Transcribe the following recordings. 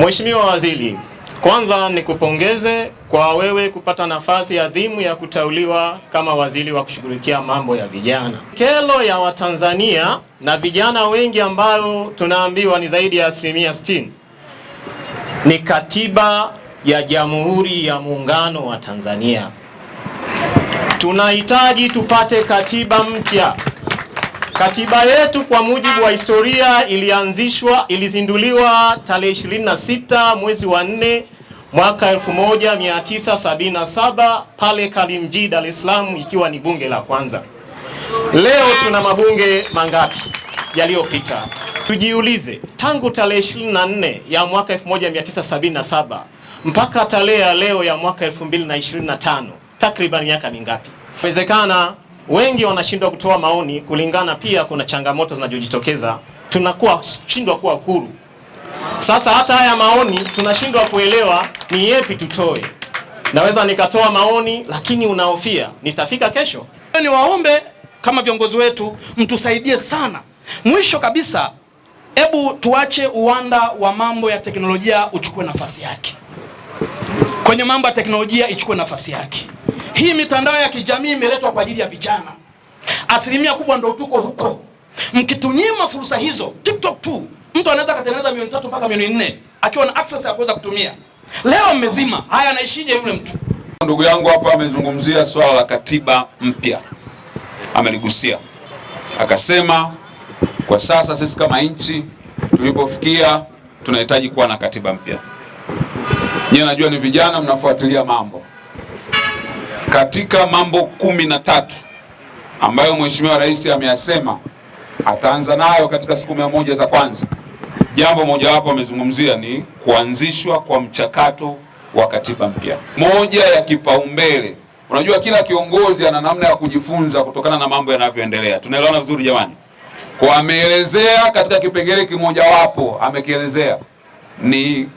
Mheshimiwa Waziri, kwanza nikupongeze kwa wewe kupata nafasi adhimu ya kuteuliwa kama waziri wa kushughulikia mambo ya vijana. kelo ya Watanzania na vijana wengi ambayo tunaambiwa ni zaidi ya asilimia 60 ni katiba ya Jamhuri ya Muungano wa Tanzania. Tunahitaji tupate katiba mpya. Katiba yetu kwa mujibu wa historia ilianzishwa, ilizinduliwa tarehe 26 mwezi wa 4 mwaka 1977 pale Kalimji, Dar es Salaam, ikiwa ni bunge la kwanza. Leo tuna mabunge mangapi yaliyopita? Tujiulize, tangu tarehe 24 ya mwaka 1977 mpaka tarehe ya leo ya mwaka 2025 takriban miaka mingapi? Inawezekana wengi wanashindwa kutoa maoni kulingana, pia kuna changamoto zinazojitokeza, tunakuwa shindwa kuwa huru. Sasa hata haya maoni tunashindwa kuelewa ni yepi tutoe. Naweza nikatoa maoni, lakini unahofia nitafika kesho. Niwaombe kama viongozi wetu mtusaidie sana. Mwisho kabisa, hebu tuache uwanda wa mambo ya teknolojia uchukue nafasi yake, kwenye mambo ya teknolojia ichukue nafasi yake. Hii mitandao ya kijamii imeletwa kwa ajili ya vijana, asilimia kubwa ndio tuko huko. Mkitunyima fursa hizo, TikTok tu mtu anaweza akatengeneza milioni tatu mpaka milioni nne akiwa na access ya kuweza kutumia. Leo mmezima haya, anaishije yule mtu? Ndugu yangu hapa amezungumzia swala la katiba mpya, ameligusia akasema, kwa sasa sisi kama nchi tulipofikia tunahitaji kuwa na katiba mpya. Nyie najua ni vijana mnafuatilia mambo katika mambo kumi na tatu ambayo Mheshimiwa Rais ameyasema ataanza nayo katika siku mia moja za kwanza, jambo mojawapo amezungumzia ni kuanzishwa kwa mchakato wa katiba mpya. Moja ya kipaumbele, unajua kila kiongozi ana namna ya kujifunza kutokana na mambo yanavyoendelea. Tunaelewana vizuri jamani? Kwa ameelezea katika kipengele kimojawapo, amekielezea ni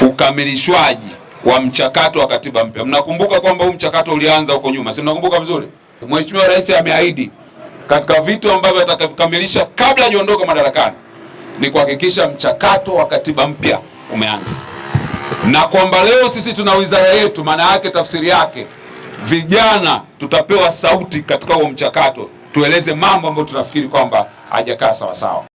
ukamilishwaji wa mchakato wa katiba mpya. Mnakumbuka kwamba huu mchakato ulianza huko nyuma, si mnakumbuka vizuri? Mheshimiwa Rais ameahidi katika vitu ambavyo atakavikamilisha kabla hajaondoka madarakani ni kuhakikisha mchakato wa katiba mpya umeanza, na kwamba leo sisi tuna wizara yetu, maana yake tafsiri yake vijana tutapewa sauti katika huo mchakato, tueleze mambo ambayo tunafikiri kwamba hajakaa sawasawa.